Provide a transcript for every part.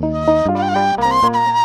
Música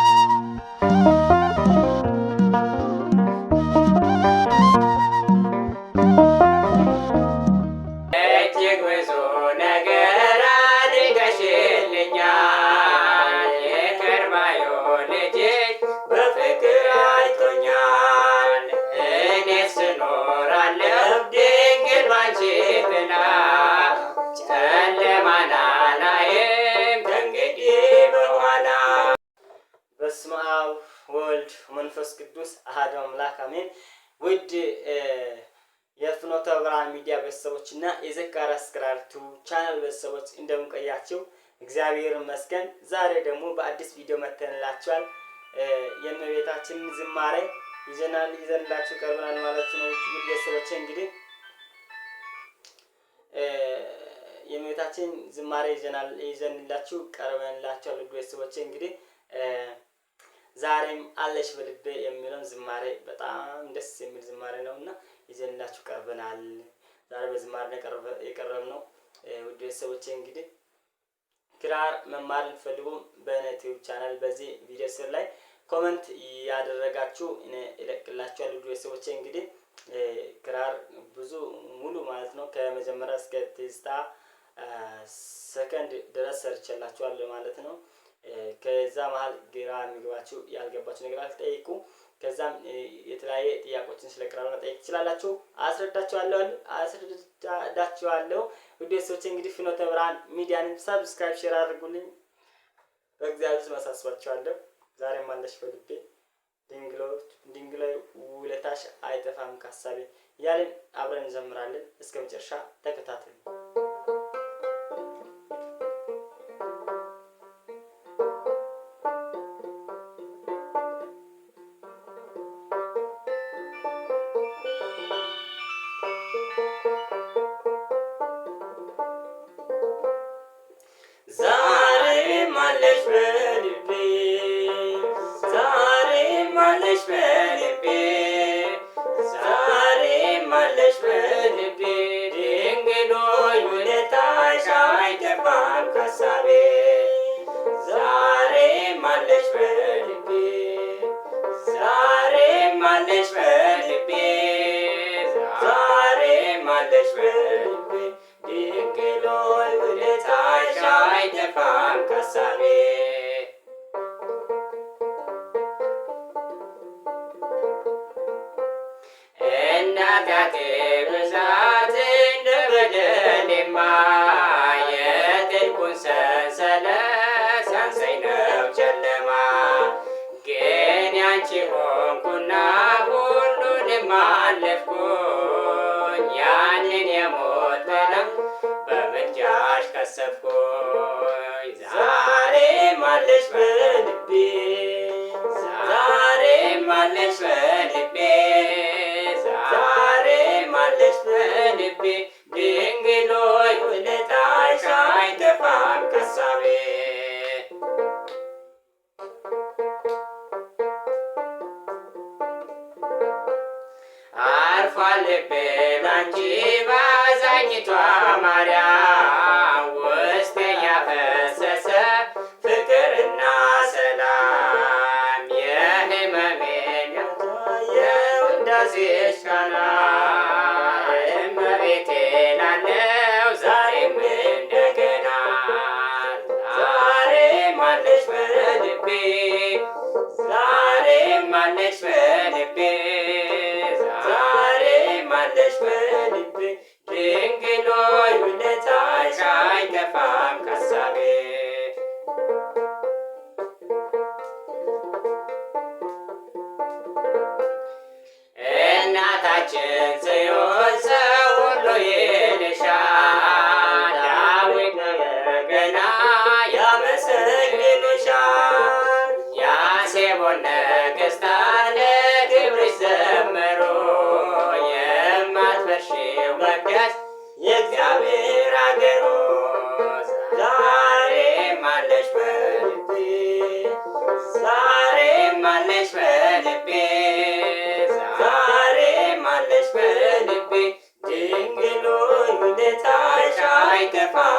አሐዱ አምላክ አሜን። ውድ የፍኖተ ብርሃን ሚዲያ ቤተሰቦች እና የዘካርያስ ክራርቱ ቻናል ቤተሰቦች እንደምንቆያቸው እግዚአብሔር ይመስገን። ዛሬ ደግሞ በአዲስ ቪዲዮ መተንላችኋል። የእመቤታችንን ዝማሬ ይዘናል ይዘንላችሁ ቀርበናል ማለት ነው። ውድ ቤተሰቦች እንግዲህ የእመቤታችን ዝማሬ ይዘናል ይዘንላችሁ ቀርበንላችኋል። ውድ ቤተሰቦች እንግዲህ ዛሬም አለሽ በልቤ የሚለውን ዝማሬ በጣም ደስ የሚል ዝማሬ ነው እና ይዘንላችሁ ቀርበናል። ዛሬ በዝማሬ የቀረብ ነው። ውድ ቤተሰቦች እንግዲህ ክራር መማር ልትፈልጉም በዩቲዩብ ቻናል በዚህ ቪዲዮ ስር ላይ ኮመንት ያደረጋችሁ እኔ እለቅላችኋለሁ። ውድ ቤተሰቦች እንግዲህ ክራር ብዙ ሙሉ ማለት ነው ከመጀመሪያ እስከ ትዝታ ሰከንድ ድረስ ሰርቼላችኋለሁ ማለት ነው። ከዛ መሀል ግራ የሚገባችሁ ያልገባችሁ ነገር አልጠይቁ። ከዛም የተለያየ ጥያቄዎችን ስለ ቅራር መጠየቅ ትችላላችሁ። አስረዳችኋለሁ አስረዳችኋለሁ። ውድ ቤተሰቦቼ እንግዲህ ፍኖተ ብርሃን ሚዲያን ሰብስክራይብ፣ ሼር አድርጉልኝ። በእግዚአብሔር ስም አሳስባችኋለሁ። ዛሬም አለሽ በልቤ ድንግላዊ ውለታሽ አይጠፋም ካሳቤ እያለን አብረን እንዘምራለን። እስከ መጨረሻ ተከታተሉ። ሳቤ እናታቴ ብዛት እንደ በደሌማ የጥልቁን ሰንሰለት ሲያንሰኝ ነው ጨለማ ግን ያንቺ ሆንኩና ሁሉን አለፍኩኝ ያንን የሞት በምልጃሽ ቀሰፍኩ አለሽ በልቤ ዛሬም አለሽ በልቤ ዛሬም አለሽ በልቤ ድንግል ሆይ ውለታሽ አይጠፋም ከሳቤ አርፏል ልቤ ላንቺ ባዛኝቷ ማርያም শেষ কানা እናታችን ጽዮን ሰው ሁሉ ይልሻል። ዳዊት ያመሰግንሻል። ያሴቦን get by.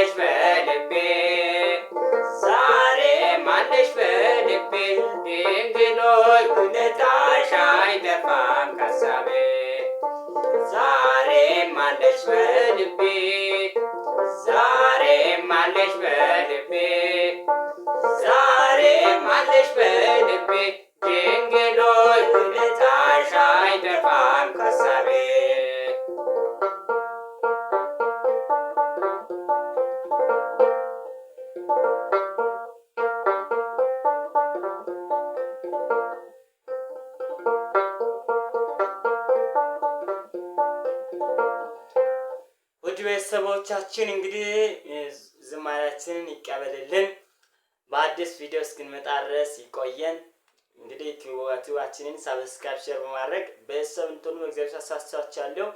ማነሽ በልቤ ዛሬ ማነሽ በልቤ ድንግል ሆይ ውለታሽ አይጠፋም ካሳቤ ዛሬ ማለሽ በልቤ ዛሬ ማለሽ በልቤ ዛሬ ማለሽ በልቤ ቤተሰቦቻችን እንግዲህ ዝማሪያችንን ይቀበልልን። በአዲስ ቪዲዮ እስክንመጣ ድረስ ይቆየን። እንግዲህ ሳብስክራይብ፣ ሼር በማድረግ ቤተሰብ እንትኑ እግዚአብሔር አሳስቻለሁ።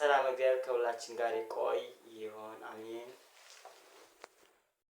ሰላም እግዚአብሔር ከሁላችን ጋር ይቆይ ይሆን። አሜን።